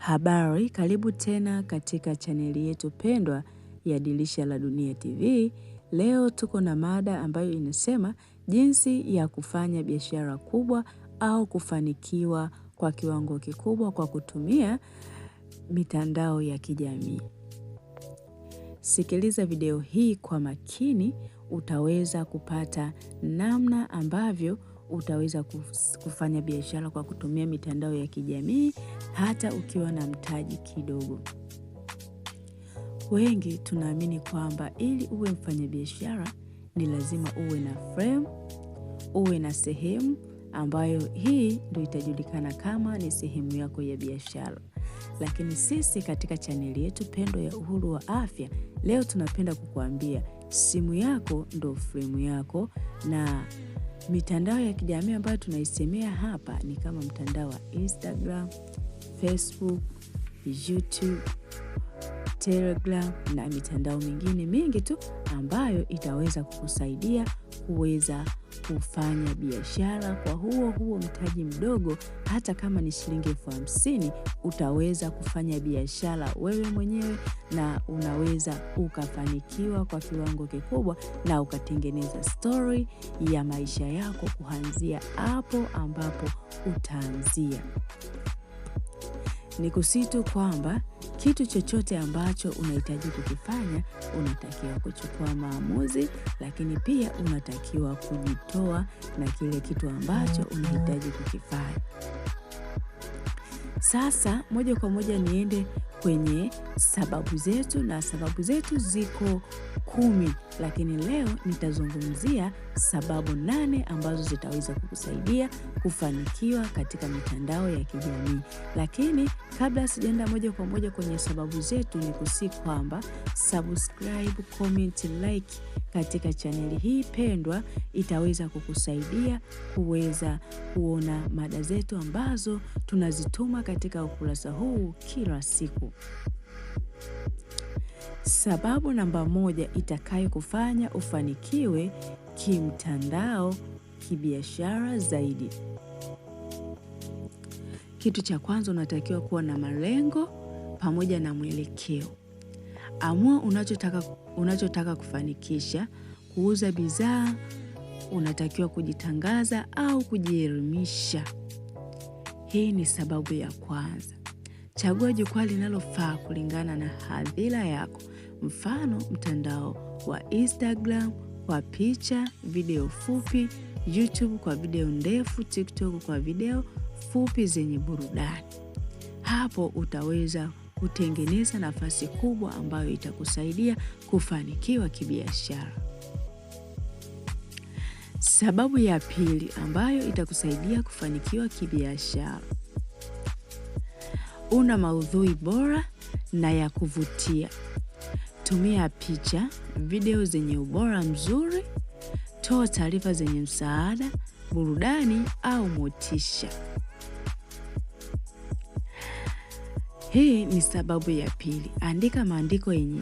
Habari, karibu tena katika chaneli yetu pendwa ya Dirisha la Dunia TV. Leo tuko na mada ambayo inasema jinsi ya kufanya biashara kubwa au kufanikiwa kwa kiwango kikubwa kwa kutumia mitandao ya kijamii. Sikiliza video hii kwa makini, utaweza kupata namna ambavyo utaweza kufanya biashara kwa kutumia mitandao ya kijamii hata ukiwa na mtaji kidogo. Wengi tunaamini kwamba ili uwe mfanyabiashara ni lazima uwe na frame, uwe na sehemu ambayo hii ndio itajulikana kama ni sehemu yako ya biashara. Lakini sisi katika chaneli yetu pendo ya Uhuru wa Afya, leo tunapenda kukuambia simu yako ndio fremu yako na Mitandao ya kijamii ambayo tunaisemea hapa ni kama mtandao wa Instagram, Facebook, YouTube, Telegram na mitandao mingine mingi tu ambayo itaweza kukusaidia kuweza kufanya biashara kwa huo huo mtaji mdogo, hata kama ni shilingi elfu hamsini utaweza kufanya biashara wewe mwenyewe na unaweza ukafanikiwa kwa kiwango kikubwa na ukatengeneza stori ya maisha yako kuanzia hapo ambapo utaanzia ni kusitu kwamba kitu chochote ambacho unahitaji kukifanya unatakiwa kuchukua maamuzi, lakini pia unatakiwa kujitoa na kile kitu ambacho unahitaji kukifanya. Sasa moja kwa moja niende kwenye sababu zetu, na sababu zetu ziko kumi, lakini leo nitazungumzia sababu nane ambazo zitaweza kukusaidia kufanikiwa katika mitandao ya kijamii. Lakini kabla sijaenda moja kwa moja kwenye sababu zetu, ni kusi kwamba subscribe, comment, like katika chaneli hii pendwa, itaweza kukusaidia kuweza kuona mada zetu ambazo tunazituma katika ukurasa huu kila siku. Sababu namba moja itakayokufanya ufanikiwe kimtandao, kibiashara zaidi. Kitu cha kwanza unatakiwa kuwa na malengo pamoja na mwelekeo. Amua unachotaka, unachotaka kufanikisha: kuuza bidhaa, unatakiwa kujitangaza au kujielimisha. Hii ni sababu ya kwanza. Chagua jukwaa linalofaa kulingana na hadhira yako, mfano mtandao wa Instagram kwa picha, video fupi, YouTube kwa video ndefu, TikTok kwa video fupi zenye burudani. Hapo utaweza kutengeneza nafasi kubwa ambayo itakusaidia kufanikiwa kibiashara. Sababu ya pili ambayo itakusaidia kufanikiwa kibiashara una maudhui bora na ya kuvutia. Tumia picha, video zenye ubora mzuri, toa taarifa zenye msaada, burudani au motisha. Hii ni sababu ya pili. Andika maandiko yenye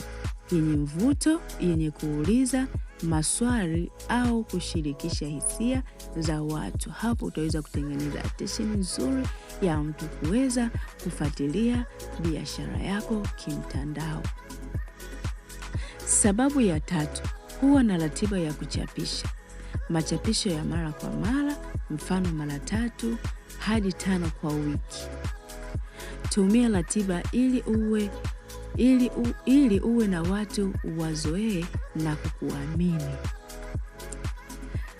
yenye mvuto, yenye kuuliza maswali au kushirikisha hisia za watu. Hapo utaweza kutengeneza attention nzuri ya mtu kuweza kufuatilia biashara yako kimtandao. Sababu ya tatu, huwa na ratiba ya kuchapisha machapisho ya mara kwa mara, mfano mara tatu hadi tano kwa wiki. Tumia ratiba ili uwe ili, u, ili uwe na watu wazoee na kukuamini.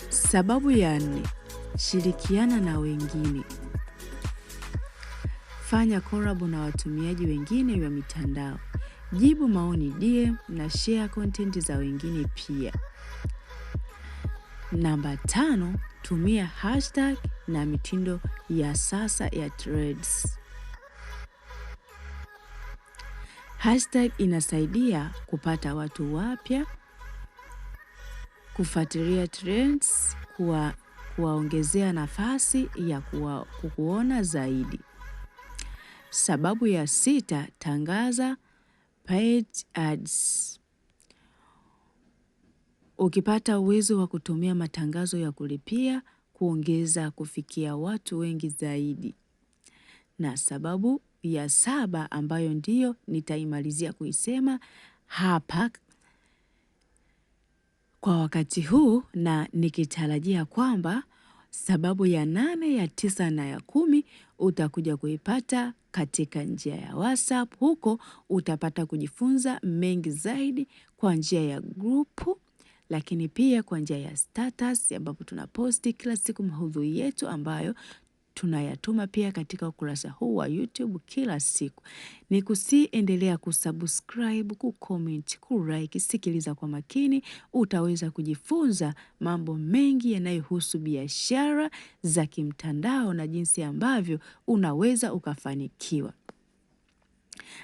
Sababu ya nne, shirikiana na wengine. Fanya collab na watumiaji wengine wa mitandao. Jibu maoni DM na share content za wengine pia. Namba tano, tumia hashtag na mitindo ya sasa ya trends. Hashtag inasaidia kupata watu wapya kufuatilia trends, kuwa kuwaongezea nafasi ya kuwa kukuona zaidi. Sababu ya sita, tangaza paid ads. Ukipata uwezo wa kutumia matangazo ya kulipia kuongeza kufikia watu wengi zaidi. Na sababu ya saba ambayo ndiyo nitaimalizia kuisema hapa kwa wakati huu na nikitarajia kwamba sababu ya nane ya tisa na ya kumi utakuja kuipata katika njia ya WhatsApp. Huko utapata kujifunza mengi zaidi kwa njia ya grupu, lakini pia kwa njia ya status ambapo tunaposti kila siku mahudhui yetu ambayo tunayatuma pia katika ukurasa huu wa YouTube kila siku. Ni kusiendelea kusubscribe, kucomment, kulike. Sikiliza kwa makini, utaweza kujifunza mambo mengi yanayohusu biashara za kimtandao na jinsi ambavyo unaweza ukafanikiwa.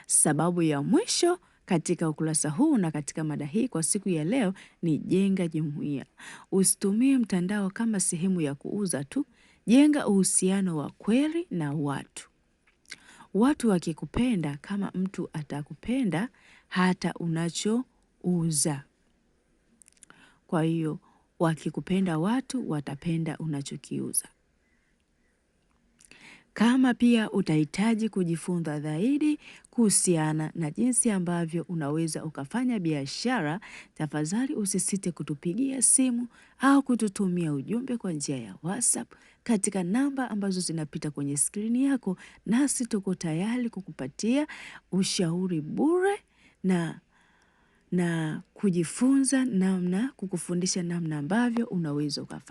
Sababu ya mwisho katika ukurasa huu na katika mada hii kwa siku ya leo ni jenga jumuiya. Usitumie mtandao kama sehemu ya kuuza tu, Jenga uhusiano wa kweli na watu. Watu wakikupenda kama mtu atakupenda hata unachouza. Kwa hiyo wakikupenda watu watapenda unachokiuza kama pia utahitaji kujifunza zaidi kuhusiana na jinsi ambavyo unaweza ukafanya biashara, tafadhali usisite kutupigia simu au kututumia ujumbe kwa njia ya WhatsApp katika namba ambazo zinapita kwenye skrini yako, nasi tuko tayari kukupatia ushauri bure na na kujifunza namna, kukufundisha namna ambavyo unaweza ukafanya